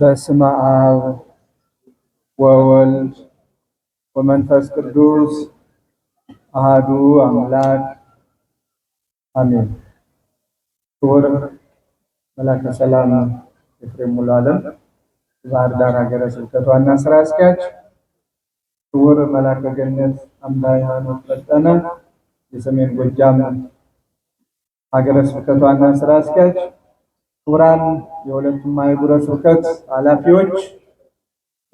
በስመ አብ ወወልድ ወመንፈስ ቅዱስ አህዱ አምላክ አሜን። ክቡር መላከ ሰላም ኤፍሬም ሙሉ ዓለም ባህር ዳር ሀገረ ስብከት ዋና ስራ አስኪያጅ፣ ክቡር መላከ ገነት አምዳ ሃይማኖት ፈጠነ የሰሜን ጎጃም ሀገረ ስብከት ዋና ስራ አስኪያጅ ክቡራን የሁለቱም አህጉረ ስብከት ኃላፊዎች፣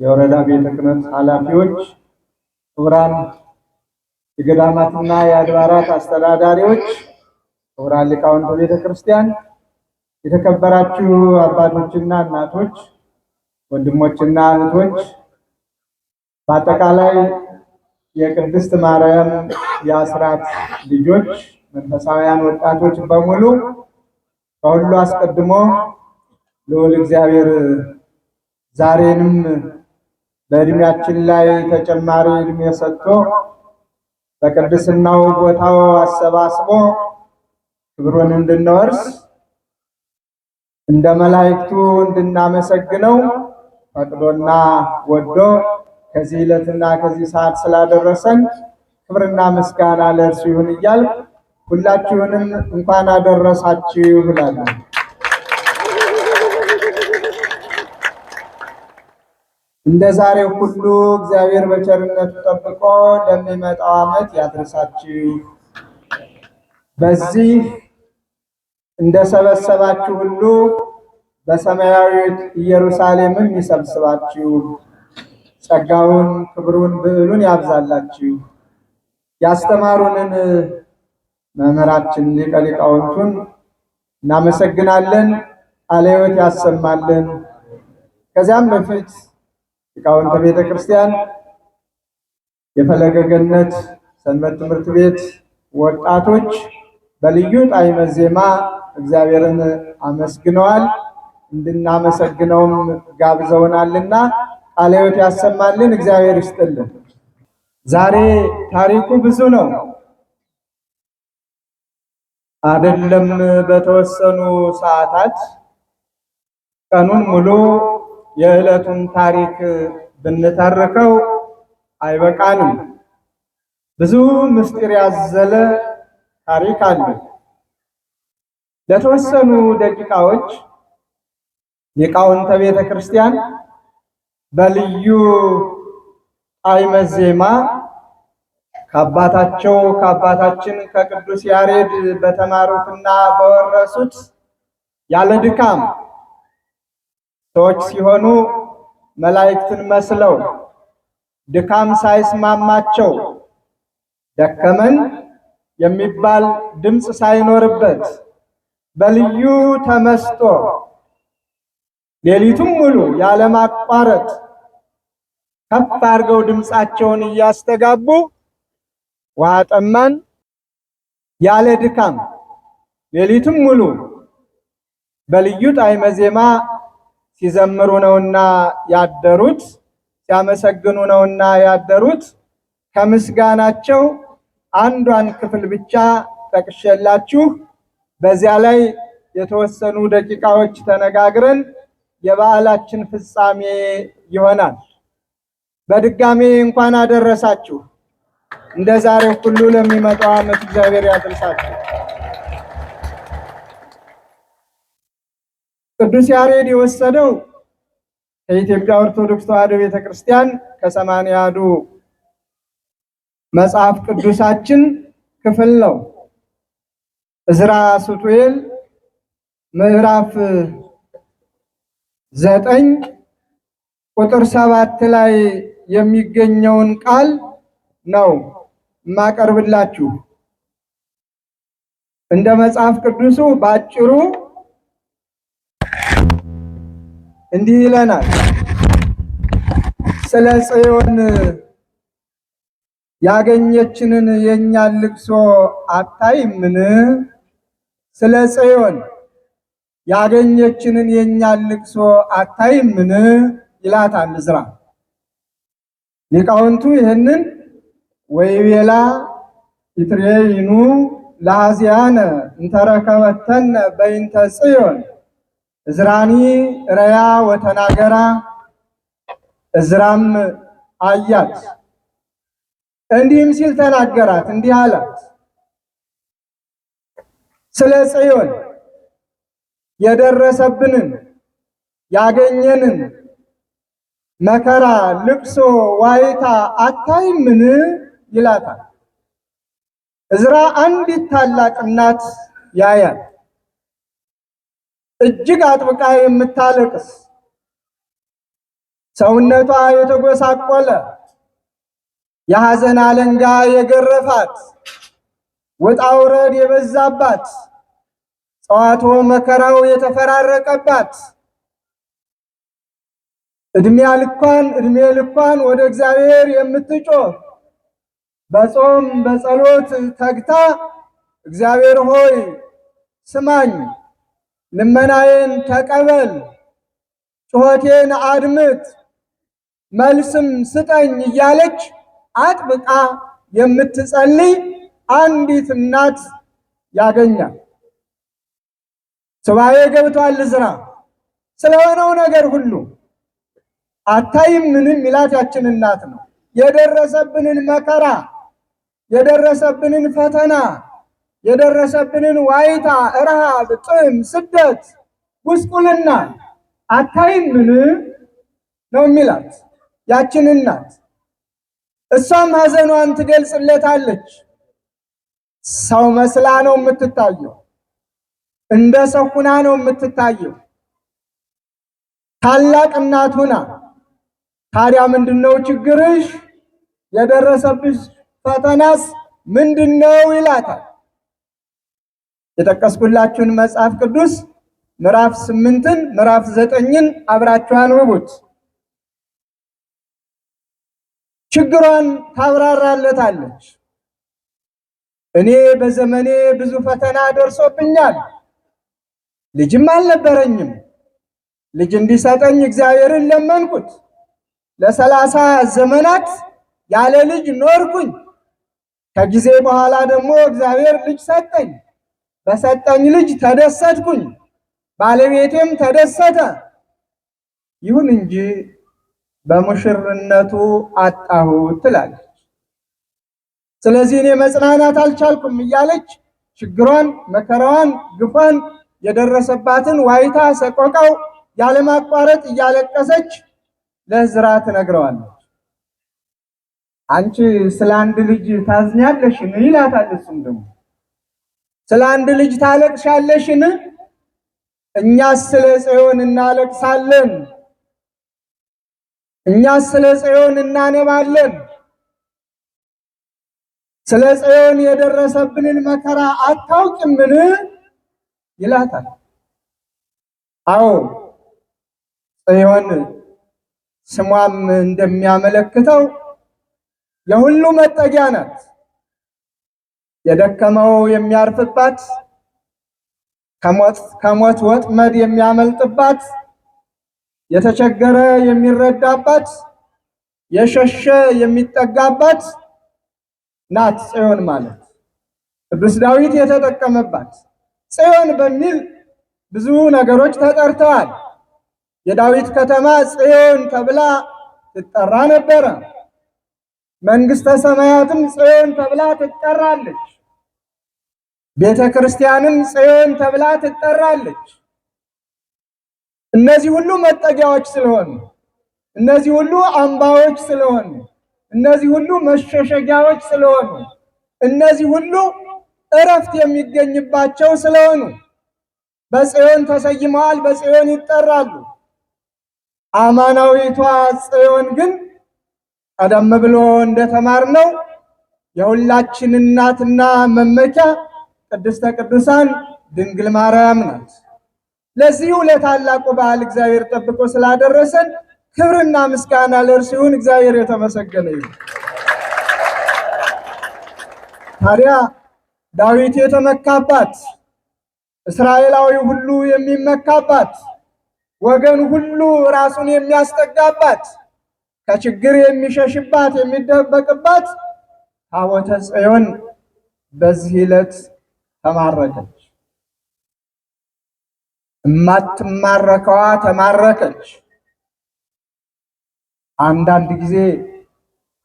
የወረዳ ቤተ ክህነት ኃላፊዎች፣ ክቡራን የገዳማትና የአድባራት አስተዳዳሪዎች፣ ክቡራን ሊቃውንተ ቤተ ክርስቲያን፣ የተከበራችሁ አባቶችና እናቶች፣ ወንድሞችና እህቶች በአጠቃላይ የቅድስት ማርያም የአስራት ልጆች መንፈሳውያን ወጣቶች በሙሉ ከሁሉ አስቀድሞ ልዑል እግዚአብሔር ዛሬንም በእድሜያችን ላይ ተጨማሪ እድሜ ሰጥቶ በቅድስናው ቦታው አሰባስቦ ክብሩን እንድንወርስ እንደ መላእክቱ እንድናመሰግነው ፈቅዶና ወዶ ከዚህ ዕለትና ከዚህ ሰዓት ስላደረሰን ክብርና ምስጋና ለእርሱ ይሁን እያል ሁላችሁንም እንኳን አደረሳችሁ እላለሁ። እንደ ዛሬው ሁሉ እግዚአብሔር በቸርነቱ ጠብቆ ለሚመጣው ዓመት ያድረሳችሁ። በዚህ እንደሰበሰባችሁ ሁሉ በሰማያዊት ኢየሩሳሌምም ይሰብስባችሁ። ጸጋውን፣ ክብሩን፣ ብዕሉን ያብዛላችሁ። ያስተማሩንን መምህራችን ሊቀ ሊቃውንቱን እናመሰግናለን። አለዮት ያሰማልን። ከዚያም በፊት ሊቃውንተ ቤተ ክርስቲያን የፈለገ ገነት ሰንበት ትምህርት ቤት ወጣቶች በልዩ ጣዕመ ዜማ እግዚአብሔርን አመስግነዋል። እንድናመሰግነውም ጋብዘውናልና አለዮት ያሰማልን። እግዚአብሔር ይስጥልን። ዛሬ ታሪኩ ብዙ ነው። አይደለም በተወሰኑ ሰዓታት ቀኑን ሙሉ የዕለቱን ታሪክ ብንተርከው አይበቃንም። ብዙ ምስጢር ያዘለ ታሪክ አለ። ለተወሰኑ ደቂቃዎች ሊቃውንተ ቤተ ክርስቲያን በልዩ ጣዕመ ዜማ ከአባታቸው ከአባታችን ከቅዱስ ያሬድ በተማሩትና በወረሱት ያለ ድካም ሰዎች ሲሆኑ መላእክትን መስለው ድካም ሳይስማማቸው ደከመን የሚባል ድምፅ ሳይኖርበት በልዩ ተመስጦ ሌሊቱም ሙሉ ያለማቋረጥ ከፍ አድርገው ድምፃቸውን እያስተጋቡ ውሃ ጠማን ያለ ድካም ሌሊትም ሙሉ በልዩ ጣዕመ ዜማ ሲዘምሩ ነውና ያደሩት፣ ሲያመሰግኑ ነውና ያደሩት። ከምስጋናቸው አንዷን ክፍል ብቻ ጠቅሼላችሁ በዚያ ላይ የተወሰኑ ደቂቃዎች ተነጋግረን የበዓላችን ፍጻሜ ይሆናል። በድጋሜ እንኳን አደረሳችሁ። እንደ ዛሬ ሁሉ ለሚመጣው ዓመት እግዚአብሔር ያደርሳችሁ። ቅዱስ ያሬድ የወሰደው ከኢትዮጵያ ኦርቶዶክስ ተዋሕዶ ቤተክርስቲያን ከሰማንያዱ መጽሐፍ ቅዱሳችን ክፍል ነው። እዝራ ሱቱኤል ምዕራፍ ዘጠኝ ቁጥር ሰባት ላይ የሚገኘውን ቃል ነው። የማቀርብላችሁ እንደ መጽሐፍ ቅዱሱ ባጭሩ እንዲህ ይለናል። ስለ ጽዮን ያገኘችንን የእኛ ልቅሶ አታይምን? ስለ ጽዮን ያገኘችንን የእኛ ልቅሶ አታይምን? ይላታል ዕዝራ። ሊቃውንቱ ይህንን ወይቤላ ይትሬይኑ ለአዝያነ እንተረከበተነ በይንተ ጽዮን እዝራኒ ረያ ወተናገራ እዝራም አያት እንዲህም ሲል ተናገራት፣ እንዲህ አላት ስለ ጽዮን የደረሰብንን ያገኘንን መከራ፣ ልቅሶ፣ ዋይታ አታይምን? ይላታል። እዝራ አንዲት ታላቅ እናት ያያል። እጅግ አጥብቃ የምታለቅስ ሰውነቷ የተጎሳቆለ የሐዘን አለንጋ የገረፋት ወጣ ውረድ የበዛባት ጸዋቶ መከራው የተፈራረቀባት እድሜ ልኳን እድሜ ልኳን ወደ እግዚአብሔር የምትጮህ በጾም በጸሎት ተግታ እግዚአብሔር ሆይ ስማኝ፣ ልመናዬን ተቀበል፣ ጩኸቴን አድምጥ፣ መልስም ስጠኝ እያለች አጥብቃ የምትጸልይ አንዲት እናት ያገኛል። ሱባኤ ገብቷል ዝራ ስለሆነው ነገር ሁሉ አታይም ምንም ይላት ያችን እናት ነው የደረሰብንን መከራ የደረሰብንን ፈተና የደረሰብንን ዋይታ፣ ረሃብ፣ ጥም፣ ስደት፣ ጉስቁልና ምን ነው የሚላት ያችን እናት። እሷም ሐዘኗን ትገልጽለታለች። ሰው መስላ ነው የምትታየው፣ እንደ ሰው ሁና ነው የምትታየው። ታላቅ እናት ሁና ታዲያ ምንድነው ችግርሽ? የደረሰብሽ ፈተናስ ምንድን ነው ይላታል። የጠቀስኩላችሁን መጽሐፍ ቅዱስ ምዕራፍ ስምንትን ምዕራፍ ዘጠኝን አብራችሁ አንብቡት። ችግሯን ታብራራለታለች። እኔ በዘመኔ ብዙ ፈተና ደርሶብኛል፣ ልጅም አልነበረኝም። ልጅ እንዲሰጠኝ እግዚአብሔርን ለመንኩት። ለሰላሳ ዘመናት ያለ ልጅ ኖርኩኝ። ከጊዜ በኋላ ደግሞ እግዚአብሔር ልጅ ሰጠኝ። በሰጠኝ ልጅ ተደሰትኩኝ፣ ባለቤቴም ተደሰተ። ይሁን እንጂ በሙሽርነቱ አጣሁ ትላለች። ስለዚህ እኔ መጽናናት አልቻልኩም እያለች ችግሯን፣ መከራዋን፣ ግፏን፣ የደረሰባትን ዋይታ፣ ሰቆቃው ያለማቋረጥ እያለቀሰች ለዕዝራ ትነግረዋለች። አንቺ ስለ አንድ ልጅ ታዝኛለሽን? ይላታል። እሱም ደግሞ ስለ አንድ ልጅ ታለቅሻለሽን? እኛስ ስለ ጽዮን እናለቅሳለን፣ እኛስ ስለ ጽዮን እናነባለን። ስለ ጽዮን የደረሰብንን መከራ አታውቂምን ይላታል። አዎ ጽዮን ስሟም እንደሚያመለክተው የሁሉ መጠጊያ ናት። የደከመው የሚያርፍባት፣ ከሞት ወጥመድ የሚያመልጥባት፣ የተቸገረ የሚረዳባት፣ የሸሸ የሚጠጋባት ናት ጽዮን ማለት ቅዱስ ዳዊት የተጠቀመባት ጽዮን በሚል ብዙ ነገሮች ተጠርተዋል። የዳዊት ከተማ ጽዮን ተብላ ትጠራ ነበረ። መንግሥተ ሰማያትም ጽዮን ተብላ ትጠራለች። ቤተ ክርስቲያንም ጽዮን ተብላ ትጠራለች። እነዚህ ሁሉ መጠጊያዎች ስለሆኑ፣ እነዚህ ሁሉ አምባዎች ስለሆኑ፣ እነዚህ ሁሉ መሸሸጊያዎች ስለሆኑ፣ እነዚህ ሁሉ እረፍት የሚገኝባቸው ስለሆኑ በጽዮን ተሰይመዋል፣ በጽዮን ይጠራሉ። አማናዊቷ ጽዮን ግን ቀደም ብሎ እንደተማርነው የሁላችን እናትና መመኪያ ቅድስተ ቅዱሳን ድንግል ማርያም ናት። ለዚሁ ለታላቁ በዓል እግዚአብሔር ጠብቆ ስላደረሰን ክብርና ምስጋና ለእርሱ ይሁን። እግዚአብሔር የተመሰገነ ይሁን። ታዲያ ዳዊት የተመካባት፣ እስራኤላዊ ሁሉ የሚመካባት፣ ወገን ሁሉ ራሱን የሚያስጠጋባት ከችግር የሚሸሽባት የሚደበቅባት ታቦተ ጽዮን በዚህ ዕለት ተማረከች። እማትማረከዋ ተማረከች። አንዳንድ ጊዜ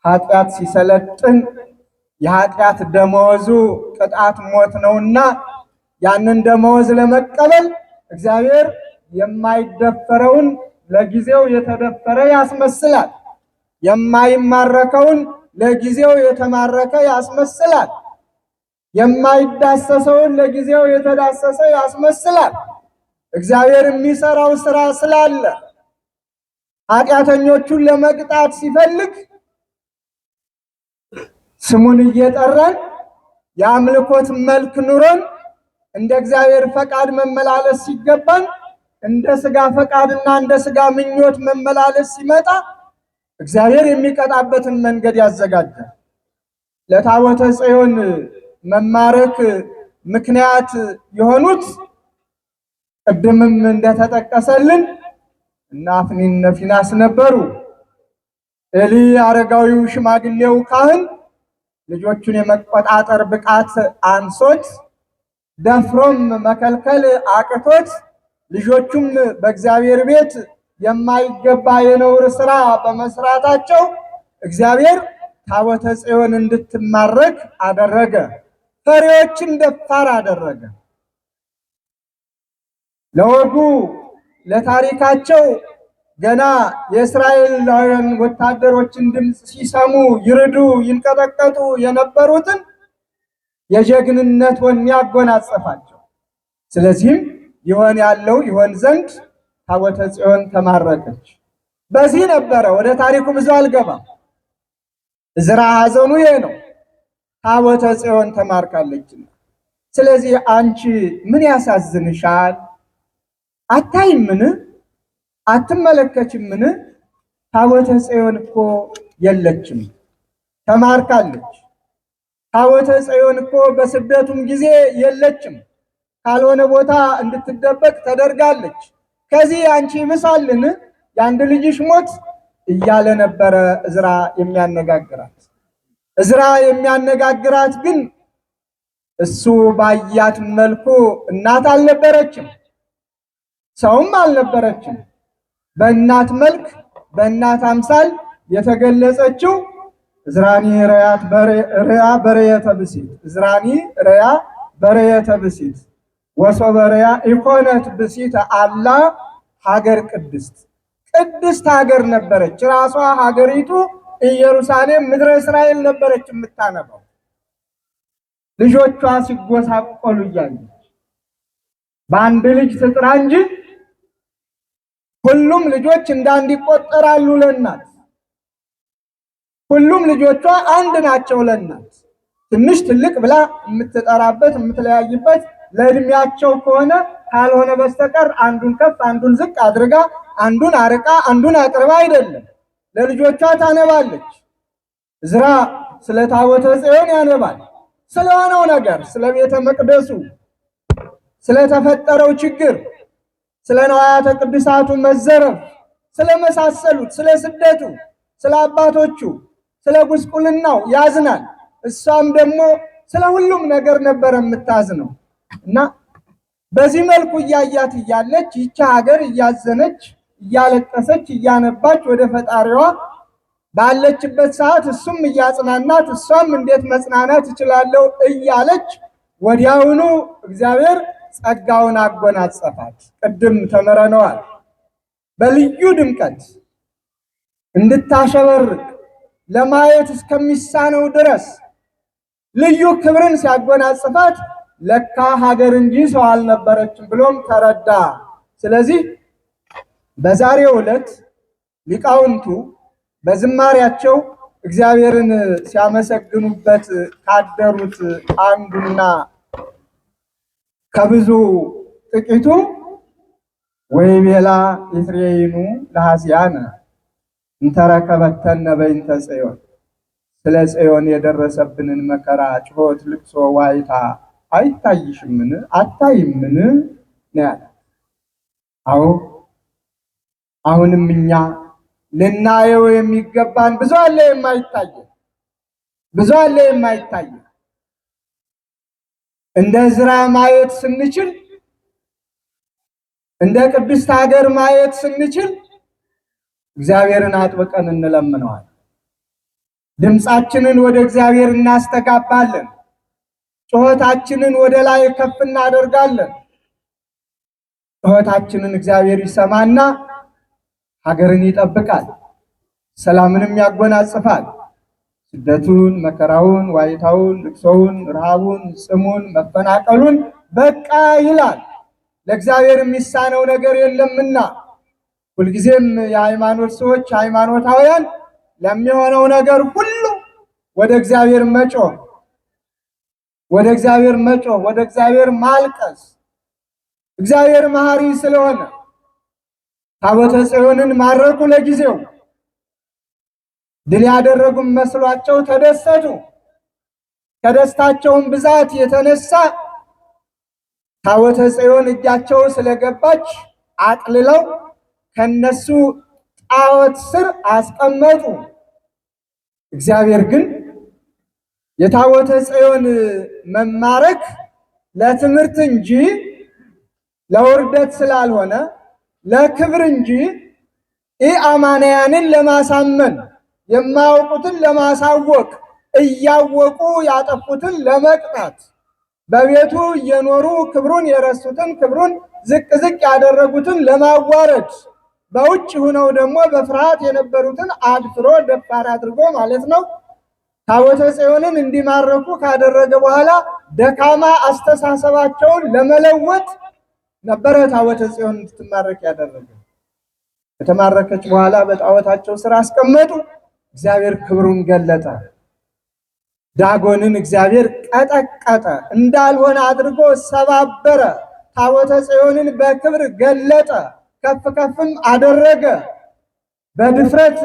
ኃጢአት ሲሰለጥን የኃጢአት ደመወዙ ቅጣት ሞት ነውና ያንን ደመወዝ ለመቀበል እግዚአብሔር የማይደፈረውን ለጊዜው የተደፈረ ያስመስላል። የማይማረከውን ለጊዜው የተማረከ ያስመስላል። የማይዳሰሰውን ለጊዜው የተዳሰሰ ያስመስላል። እግዚአብሔር የሚሰራው ስራ ስላለ ኃጢአተኞቹን ለመቅጣት ሲፈልግ ስሙን እየጠራን የአምልኮት መልክ ኑሮን እንደ እግዚአብሔር ፈቃድ መመላለስ ሲገባን እንደ ስጋ ፈቃድና እንደ ስጋ ምኞት መመላለስ ሲመጣ እግዚአብሔር የሚቀጣበትን መንገድ ያዘጋጃል። ለታቦተ ጽዮን መማረክ ምክንያት የሆኑት ቅድምም እንደተጠቀሰልን እና አፍኒነ ፊናስ ነበሩ። ኤሊ አረጋዊው ሽማግሌው ካህን ልጆቹን የመቆጣጠር ብቃት አንሶት ደፍሮም መከልከል አቅቶት ልጆቹም በእግዚአብሔር ቤት የማይገባ የነውር ስራ በመስራታቸው እግዚአብሔር ታቦተ ጽዮን እንድትማረክ አደረገ። ፈሪዎችን ደፋር አደረገ። ለወጉ ለታሪካቸው ገና የእስራኤላውያን ወታደሮችን ድምፅ ሲሰሙ ይርዱ ይንቀጠቀጡ የነበሩትን የጀግንነት ወኔ ያጎናጸፋቸው። ስለዚህም ይሆን ያለው ይሆን ዘንድ ታቦተ ጽዮን ተማረከች። በዚህ ነበረ። ወደ ታሪኩ ብዙ አልገባም። እዝራ ሐዘኑ ይሄ ነው። ታቦተ ጽዮን ተማርካለችና፣ ስለዚህ አንቺ ምን ያሳዝንሻል? አታይምን? አትመለከችምን? ታቦተ ጽዮን እኮ የለችም፣ ተማርካለች። ታቦተ ጽዮን እኮ በስደቱም ጊዜ የለችም፣ ካልሆነ ቦታ እንድትደበቅ ተደርጋለች። ከዚህ አንቺ ይብሳልን የአንድ ልጅሽ ሞት እያለ ነበረ እዝራ የሚያነጋግራት። እዝራ የሚያነጋግራት ግን እሱ ባያት መልኩ እናት አልነበረችም፣ ሰውም አልነበረችም። በእናት መልክ በእናት አምሳል የተገለጸችው እዝራኒ ረያ በሬ ተብሲት እዝራኒ ረያ በሬ ተብሲት ወሶበሪያ ኢኮነት ብሲተ አላ ሀገር ቅድስት ቅድስት ሀገር ነበረች። ራሷ ሀገሪቱ ኢየሩሳሌም ምድረ እስራኤል ነበረች የምታነባው ልጆቿ ሲጎሳቆሉ እያየች በአንድ ልጅ ትጥራ እንጂ ሁሉም ልጆች እንዳንድ ይቆጠራሉ ለናት ሁሉም ልጆቿ አንድ ናቸው ለናት ትንሽ ትልቅ ብላ የምትጠራበት የምትለያይበት ለእድሜያቸው ከሆነ ካልሆነ በስተቀር አንዱን ከፍ አንዱን ዝቅ አድርጋ አንዱን አርቃ አንዱን አቅርባ አይደለም። ለልጆቿ ታነባለች። ዝራ ስለ ታቦተ ጽዮን ያነባል። ስለሆነው ነገር፣ ስለ ቤተ መቅደሱ፣ ስለተፈጠረው ችግር፣ ስለ ነዋያተ ቅዱሳቱ መዘረፍ፣ ስለመሳሰሉት፣ ስለ ስደቱ፣ ስለ አባቶቹ፣ ስለ ጉስቁልናው ያዝናል። እሷም ደግሞ ስለ ሁሉም ነገር ነበር የምታዝነው። እና በዚህ መልኩ እያያት እያለች ይቺ ሀገር እያዘነች እያለቀሰች እያነባች ወደ ፈጣሪዋ ባለችበት ሰዓት እሱም እያጽናናት እሷም እንዴት መጽናናት እችላለሁ እያለች ወዲያውኑ እግዚአብሔር ጸጋውን አጎናጸፋት። ቅድም ተምረነዋል። በልዩ ድምቀት እንድታሸበርቅ ለማየት እስከሚሳነው ድረስ ልዩ ክብርን ሲያጎናጽፋት ለካ ሀገር እንጂ ሰው አልነበረችም ብሎም ተረዳ። ስለዚህ በዛሬው ዕለት ሊቃውንቱ በዝማሪያቸው እግዚአብሔርን ሲያመሰግኑበት ካደሩት አንዱና ከብዙ ጥቂቱ ቤላ ኢፍሬይኑ ለሐሲያነ እንተረከበተነ በእንተ ጽዮን ስለ ጽዮን የደረሰብንን መከራ ጩኸት፣ ልቅሶ፣ ዋይታ አይታይሽምን? አታይምን? ነው ያለ። አዎ አሁንም እኛ ልናየው የሚገባን ብዙ አለ የማይታየ ብዙ አለ የማይታየ እንደ ዕዝራ ማየት ስንችል፣ እንደ ቅድስት ሀገር ማየት ስንችል እግዚአብሔርን አጥብቀን እንለምነዋለን። ድምፃችንን ወደ እግዚአብሔር እናስተጋባለን። ጩኸታችንን ወደ ላይ ከፍ እናደርጋለን። ጩኸታችንን እግዚአብሔር ይሰማና ሀገርን ይጠብቃል፣ ሰላምንም ያጎናጽፋል። ስደቱን፣ መከራውን፣ ዋይታውን፣ ልቅሶውን፣ ረሃቡን፣ ጽሙን፣ መፈናቀሉን በቃ ይላል። ለእግዚአብሔር የሚሳነው ነገር የለምና ሁልጊዜም የሃይማኖት ሰዎች ሃይማኖታውያን ለሚሆነው ነገር ሁሉ ወደ እግዚአብሔር መጮህ ወደ እግዚአብሔር መጮ ወደ እግዚአብሔር ማልቀስ እግዚአብሔር መሐሪ ስለሆነ ታቦተ ጽዮንን ማረኩ። ለጊዜው ድል ያደረጉም መስሏቸው ተደሰቱ። ከደስታቸውም ብዛት የተነሳ ታቦተ ጽዮን እጃቸው ስለገባች አጥልለው ከነሱ ጣዖት ስር አስቀመጡ። እግዚአብሔር ግን የታቦተ ጽዮን መማረክ ለትምህርት እንጂ ለውርደት ስላልሆነ ለክብር እንጂ ኢአማንያንን ለማሳመን የማያውቁትን ለማሳወቅ እያወቁ ያጠፉትን ለመቅጣት በቤቱ እየኖሩ ክብሩን የረሱትን ክብሩን ዝቅ ዝቅ ያደረጉትን ለማዋረድ በውጭ ሆነው ደግሞ በፍርሃት የነበሩትን አድፍሮ ደፋር አድርጎ ማለት ነው ታቦተ ጽዮንን እንዲማረኩ ካደረገ በኋላ ደካማ አስተሳሰባቸውን ለመለወጥ ነበረ ታቦተ ጽዮን እንድትማረክ ያደረገ። ከተማረከች በኋላ በጣዖታቸው ስራ አስቀመጡ። እግዚአብሔር ክብሩን ገለጠ። ዳጎንን እግዚአብሔር ቀጠቀጠ፣ እንዳልሆነ አድርጎ ሰባበረ። ታቦተ ጽዮንን በክብር ገለጠ፣ ከፍ ከፍም አደረገ። በድፍረት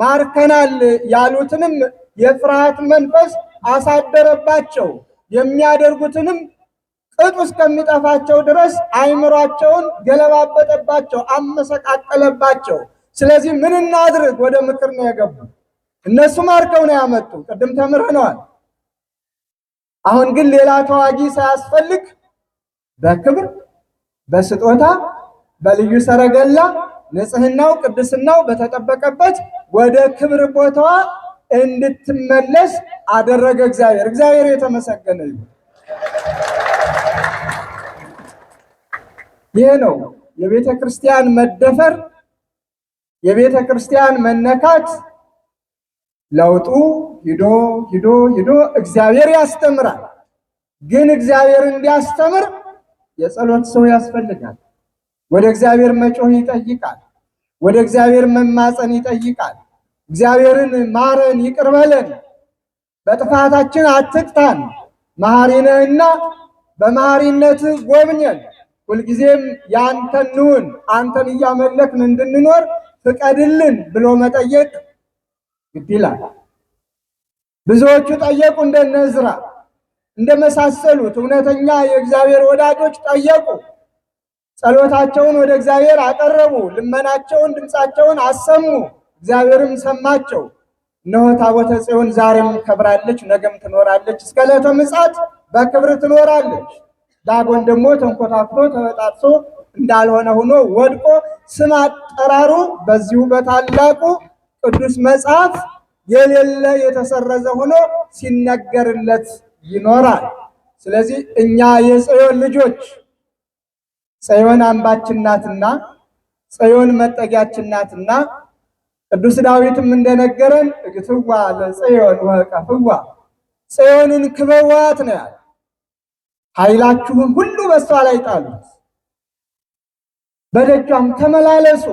ማርከናል ያሉትንም የፍርሃት መንፈስ አሳደረባቸው። የሚያደርጉትንም ቅጡ እስከሚጠፋቸው ድረስ አይምሯቸውን ገለባበጠባቸው፣ አመሰቃቀለባቸው። ስለዚህ ምን እናድርግ? ወደ ምክር ነው የገቡ። እነሱ ማርከው ነው ያመጡ። ቅድም ተምረነዋል። አሁን ግን ሌላ ተዋጊ ሳያስፈልግ በክብር በስጦታ በልዩ ሰረገላ ንጽህናው ቅድስናው በተጠበቀበት ወደ ክብር ቦታዋ እንድትመለስ አደረገ። እግዚአብሔር እግዚአብሔር የተመሰገነ ይሁን። ይህ ነው የቤተ ክርስቲያን መደፈር፣ የቤተ ክርስቲያን መነካት። ለውጡ ሂዶ ሂዶ ሂዶ እግዚአብሔር ያስተምራል። ግን እግዚአብሔር እንዲያስተምር የጸሎት ሰው ያስፈልጋል። ወደ እግዚአብሔር መጮህ ይጠይቃል። ወደ እግዚአብሔር መማፀን ይጠይቃል። እግዚአብሔርን ማረን ይቅር በለን በጥፋታችን አትቅጣን መሐሪ ነህና በመሐሪነት ጎብኘን ሁልጊዜም ያንተን ንውን አንተን እያመለክን እንድንኖር ፍቀድልን ብሎ መጠየቅ ግድ ይላል። ብዙዎቹ ጠየቁ። እንደነ ዕዝራ እንደመሳሰሉት እውነተኛ የእግዚአብሔር ወዳጆች ጠየቁ። ጸሎታቸውን ወደ እግዚአብሔር አቀረቡ። ልመናቸውን፣ ድምፃቸውን አሰሙ። እግዚአብሔርም ሰማቸው። እነሆ ታቦተ ጽዮን ዛሬም ከብራለች፣ ነገም ትኖራለች፣ እስከ ዕለተ ምጽአት በክብር ትኖራለች። ዳጎን ደግሞ ተንኮታፍቶ ተበጣጥሶ እንዳልሆነ ሆኖ ወድቆ ስም አጠራሩ በዚሁ በታላቁ ቅዱስ መጽሐፍ የሌለ የተሰረዘ ሆኖ ሲነገርለት ይኖራል። ስለዚህ እኛ የጽዮን ልጆች ጽዮን አምባችን ናትና፣ ጽዮን መጠጊያችን ናትና ቅዱስ ዳዊትም እንደነገረን እግትዋ ለጽዮን ወቀፍዋ ጽዮንን ክበዋት ነው ያለ። ኃይላችሁን ሁሉ በሷ ላይ ጣሉት፣ በደጇም ተመላለሱ፣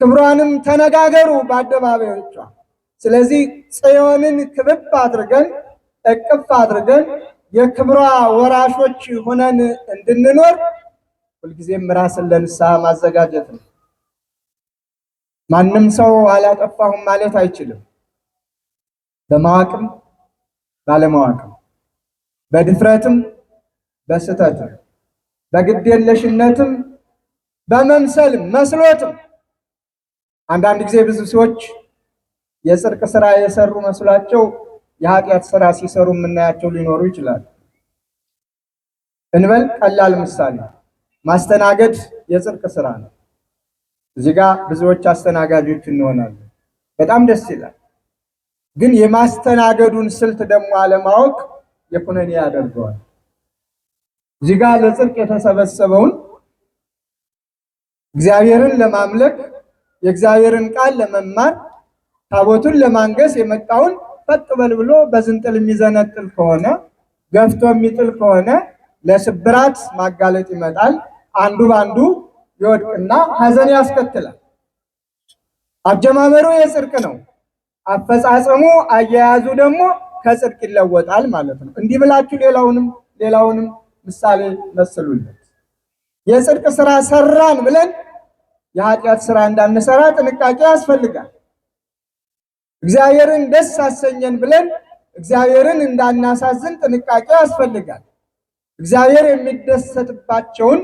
ክብሯንም ተነጋገሩ በአደባባዮቿ። ስለዚህ ጽዮንን ክብብ አድርገን እቅፍ አድርገን የክብሯ ወራሾች ሆነን እንድንኖር ሁልጊዜም ራስን ለንስሐ ማዘጋጀት ነው። ማንም ሰው አላጠፋሁም ማለት አይችልም። በማወቅም ባለማወቅም፣ በድፍረትም በስተትም፣ በግዴለሽነትም በመምሰልም መስሎትም አንዳንድ ጊዜ ብዙ ሰዎች የጽድቅ ስራ የሰሩ መስሏቸው የኃጢአት ስራ ሲሰሩ የምናያቸው ሊኖሩ ይችላሉ። እንበል ቀላል ምሳሌ ማስተናገድ የጽድቅ ስራ ነው። እዚህ ጋር ብዙዎች አስተናጋጆች እንሆናለን። በጣም ደስ ይላል። ግን የማስተናገዱን ስልት ደግሞ አለማወቅ የኩነኔ ያደርገዋል። እዚህ ጋር ለጽድቅ የተሰበሰበውን እግዚአብሔርን ለማምለክ የእግዚአብሔርን ቃል ለመማር ታቦቱን ለማንገስ የመጣውን ፈጥ በል ብሎ በዝንጥል የሚዘነጥል ከሆነ ገፍቶ የሚጥል ከሆነ ለስብራት ማጋለጥ ይመጣል። አንዱ በአንዱ ይወድቅና ሐዘን ያስከትላል። አጀማመሩ የጽድቅ ነው። አፈጻጸሙ አያያዙ ደግሞ ከጽድቅ ይለወጣል ማለት ነው። እንዲህ ብላችሁ ሌላውንም ሌላውንም ምሳሌ መስሉለት። የጽድቅ ስራ ሰራን ብለን የኃጢአት ስራ እንዳንሰራ ጥንቃቄ ያስፈልጋል። እግዚአብሔርን ደስ አሰኘን ብለን እግዚአብሔርን እንዳናሳዝን ጥንቃቄ ያስፈልጋል። እግዚአብሔር የሚደሰትባቸውን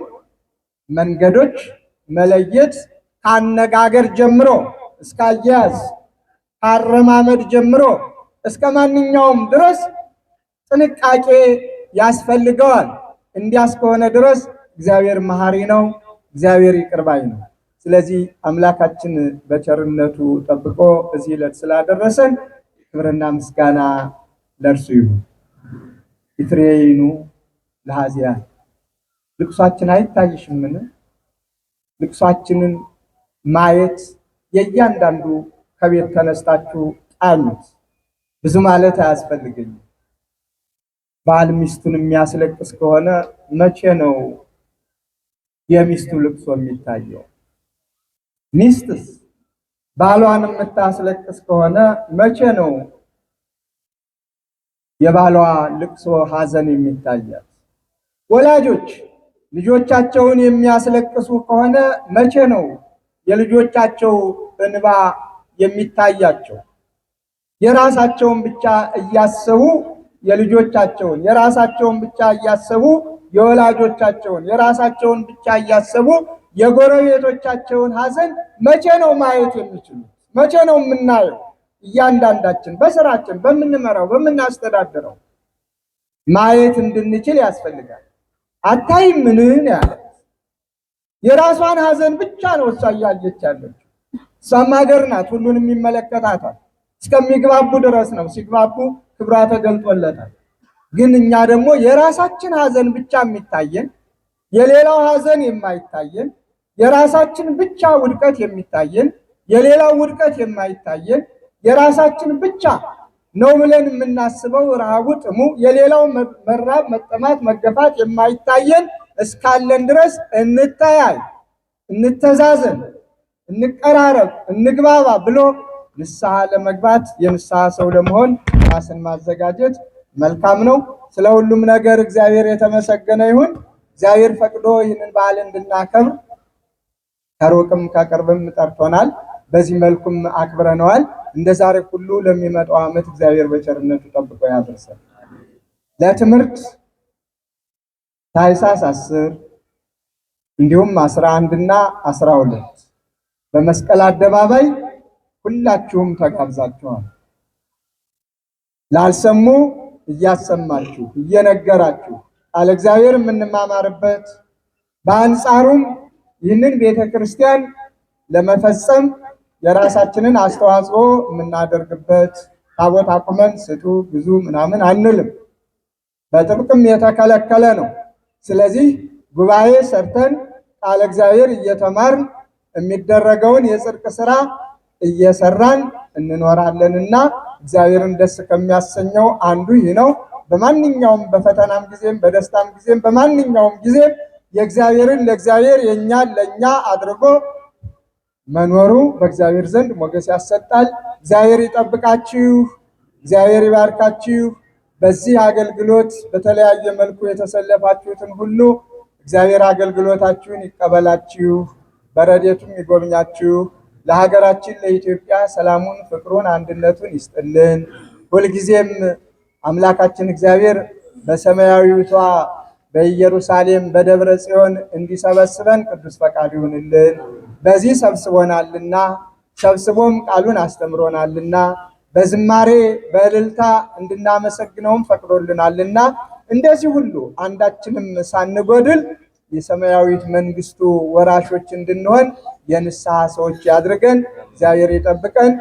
መንገዶች መለየት ካነጋገር ጀምሮ እስከ አያያዝ ከአረማመድ ጀምሮ እስከ ማንኛውም ድረስ ጥንቃቄ ያስፈልገዋል። እንዲያስ ከሆነ ድረስ እግዚአብሔር መሐሪ ነው፣ እግዚአብሔር ይቅር ነው። ስለዚህ አምላካችን በቸርነቱ ጠብቆ እዚህ ዕለት ስላደረሰን ክብርና ምስጋና ለእርሱ ይሁን። ይትሬኑ ለሃዚያ ልቅሷችን አይታይሽምን? ልቅሷችንን ማየት የእያንዳንዱ ከቤት ተነስታችሁ ጣሉት። ብዙ ማለት አያስፈልገኝም። ባል ሚስቱን የሚያስለቅስ ከሆነ መቼ ነው የሚስቱ ልቅሶ የሚታየው? ሚስትስ ባሏን የምታስለቅስ ከሆነ መቼ ነው የባሏ ልቅሶ ሐዘን የሚታያት? ወላጆች ልጆቻቸውን የሚያስለቅሱ ከሆነ መቼ ነው የልጆቻቸው እንባ የሚታያቸው? የራሳቸውን ብቻ እያሰቡ የልጆቻቸውን የራሳቸውን ብቻ እያሰቡ የወላጆቻቸውን የራሳቸውን ብቻ እያሰቡ የጎረቤቶቻቸውን ሐዘን መቼ ነው ማየት የሚችሉት? መቼ ነው የምናየው? እያንዳንዳችን በስራችን፣ በምንመራው፣ በምናስተዳድረው ማየት እንድንችል ያስፈልጋል። አታይ ምን ያለ የራሷን ሀዘን ብቻ ነው እሷ እያየች ያለችው። እሷም ሀገር ናት፣ ሁሉንም ይመለከታታል። እስከሚግባቡ ድረስ ነው። ሲግባቡ ክብሯ ተገልጦለታል። ግን እኛ ደግሞ የራሳችን ሀዘን ብቻ የሚታየን፣ የሌላው ሀዘን የማይታየን፣ የራሳችን ብቻ ውድቀት የሚታየን፣ የሌላው ውድቀት የማይታየን፣ የራሳችን ብቻ ነው ብለን የምናስበው ረሃቡ ጥሙ፣ የሌላው መራብ፣ መጠማት፣ መገፋት የማይታየን እስካለን ድረስ እንታያይ፣ እንተዛዘን፣ እንቀራረብ፣ እንግባባ ብሎ ንስሐ ለመግባት የንስሐ ሰው ለመሆን ራስን ማዘጋጀት መልካም ነው። ስለ ሁሉም ነገር እግዚአብሔር የተመሰገነ ይሁን። እግዚአብሔር ፈቅዶ ይህንን በዓል እንድናከብር ከሩቅም ከቅርብም ጠርቶናል። በዚህ መልኩም አክብረነዋል። እንደ ዛሬ ሁሉ ለሚመጣው ዓመት እግዚአብሔር በቸርነቱ ጠብቆ ያደርሰን። ለትምህርት ታኅሳስ አስር እንዲሁም አስራ አንድ እና አስራ ሁለት በመስቀል አደባባይ ሁላችሁም ተጋብዛችኋል። ላልሰሙ እያሰማችሁ እየነገራችሁ ቃለ እግዚአብሔር የምንማማርበት በአንጻሩም ይህንን ቤተ ክርስቲያን ለመፈጸም የራሳችንን አስተዋጽኦ የምናደርግበት ታቦት አቁመን ስጡ ብዙ ምናምን አንልም። በጥብቅም የተከለከለ ነው። ስለዚህ ጉባኤ ሰርተን ቃለ እግዚአብሔር እየተማርን የሚደረገውን የጽድቅ ስራ እየሰራን እንኖራለንና እግዚአብሔርን ደስ ከሚያሰኘው አንዱ ይህ ነው። በማንኛውም በፈተናም ጊዜም በደስታም ጊዜም በማንኛውም ጊዜም የእግዚአብሔርን ለእግዚአብሔር የእኛን ለእኛ አድርጎ መኖሩ በእግዚአብሔር ዘንድ ሞገስ ያሰጣል። እግዚአብሔር ይጠብቃችሁ፣ እግዚአብሔር ይባርካችሁ። በዚህ አገልግሎት በተለያየ መልኩ የተሰለፋችሁትን ሁሉ እግዚአብሔር አገልግሎታችሁን ይቀበላችሁ፣ በረዴቱም ይጎብኛችሁ። ለሀገራችን ለኢትዮጵያ ሰላሙን፣ ፍቅሩን፣ አንድነቱን ይስጥልን። ሁልጊዜም አምላካችን እግዚአብሔር በሰማያዊቷ በኢየሩሳሌም በደብረ ጽዮን እንዲሰበስበን ቅዱስ ፈቃድ ይሁንልን። በዚህ ሰብስቦናልና ሰብስቦም ቃሉን አስተምሮናልና በዝማሬ በእልልታ እንድናመሰግነውም ፈቅዶልናልና እንደዚህ ሁሉ አንዳችንም ሳንጎድል የሰማያዊት መንግስቱ ወራሾች እንድንሆን የንስሐ ሰዎች ያድርገን። እግዚአብሔር ይጠብቀን።